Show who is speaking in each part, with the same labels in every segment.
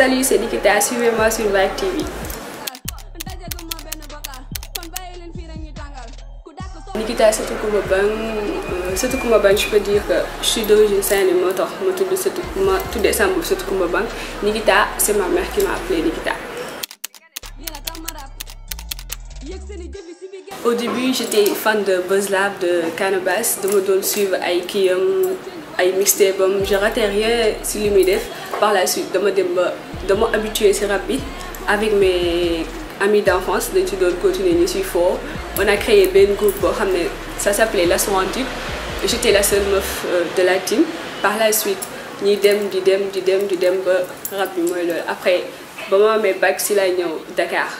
Speaker 1: Salut, c'est Nikita, Suivez-moi sur Vibe TV. Nikita C'est tout comme je peux dire que je suis d'origine Saint-Lémy, tout décembre Bang. Nikita, c'est ma mère qui m'a appelé Nikita. Au début, j'étais fan de Buzz Lab, de Cannabis, de me suivre Ikeum ay mixtape am je raté rien si li mi def par la suite dama dem ba dama habitué si rap bi avec mes amis d'enfance dañ si continuer ni si fort, on a créé ben groupe mais xam ça s'appelait Laçon Antique j'étais la seule meuf euh, de la team par la suite ni dem di dem di dem di dem ba rap bi mooy loolu après ba ma bac si la ñëw Dakar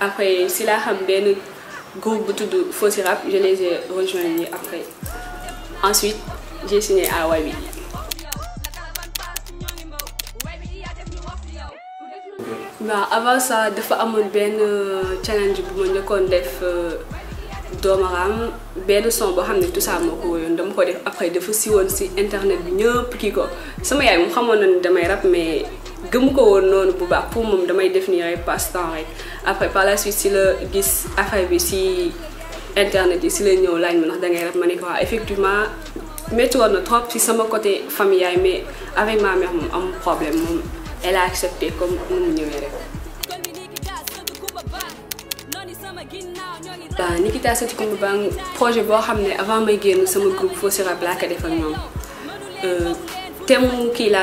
Speaker 1: après si la xam ben groupe tout de Faux Rap je les ai rejoints après ensuite j'ai signé à Wabi. waaw avant ça dafa amoon benn euh, challenge bu ma njëkkoon def euh, doomaraam benn son boo xam ne tout ça moo ko woyoon dama ko def après dafa siwoon si internet bi ñëpp kii ko sama yaay mu xamoon na ne damay rap mais gëmu ko woon noonu bu baax pour moom damay def nii rek passe temps rek après par la suite si la gis affaire bi si internet yi si la ñëw laaj ma ndax dangay rap ma ne ko ah, effectivement mais tout côté familial, mais avec ma mère un problème elle a accepté comme nous numéro. Bah Nikita projet de avant may groupe sur Rap La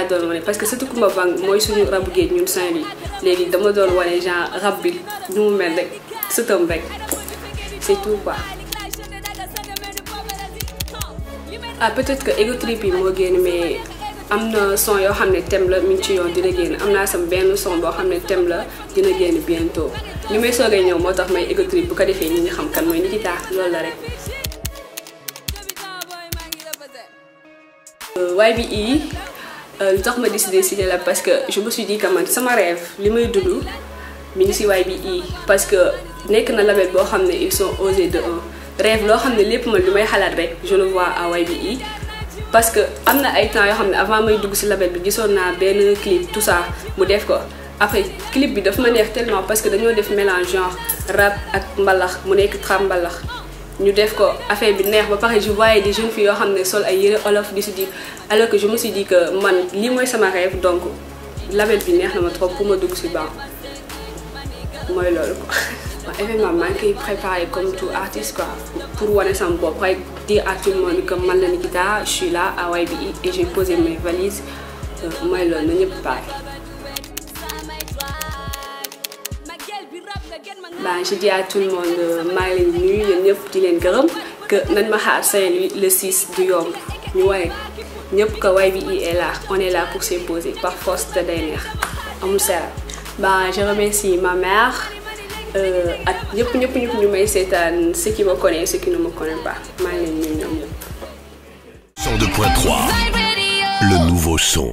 Speaker 1: def ak thème parce que c'est tout comme un ñun saint nous sommes dama les genre c'est tout quoi. ah peut-être que ego trip yi moo génn mais am na son yoo xam ne thème la mi ngi ci yoon dina génn am naa sama benn son boo xam ne thème la dina génn bientôt li may soogee ñëw moo tax may ego trip bu ko defee ñi nga xam kan mooy Nikita loolu la rek. Euh, YBE euh, lu tax ma décidé signer la parce que je me suis dit que man sama rêve li may dund mi ngi si YBE parce que nekk na label boo xam ne ils sont osés de un rêve lo xamné lepp lépp man xalat rek je le vois à YBI e. parce que amna ay temps yo xamné avant may dugg ci label bi gisoon naa clip tout ça mu def ko après clip bi daf ma neex tellement parce que dañoo def mélange genre rap ak mbalax mu nekk tram ñu def ko affaire bi neex ba pare je voyais des jeunes filles yo xamné sol ay yëre olof di si di alors que je me suis dit que man li moy sama rêve donc label bi neex na ma trop pour ma dugg ci ban moy lolu quoi événement maa ngi qui préparait comme tout artiste quoi pour wane sama bopp rek dire à tout le monde que man la Nikita je suis là à YBI e et j'ai posé mes valises euh, moi loolu na ñëpp bàyyi. bah je dis à tout le monde euh, maa nu leen nuyu yéen ñëpp di leen gërëm que nan ma xaar saint le 6 du yomb ñu waaye ñëpp que YBI e est là on est là pour s'imposer par force te day neex amul bah, je remercie ma mère. Euh, ak ñëpp ñëpp ñëpp ñu may seetaan ce qui me connaît ce qui ne me connaît pas maa ngi leen ñoom ñoom. 102.3 le nouveau son.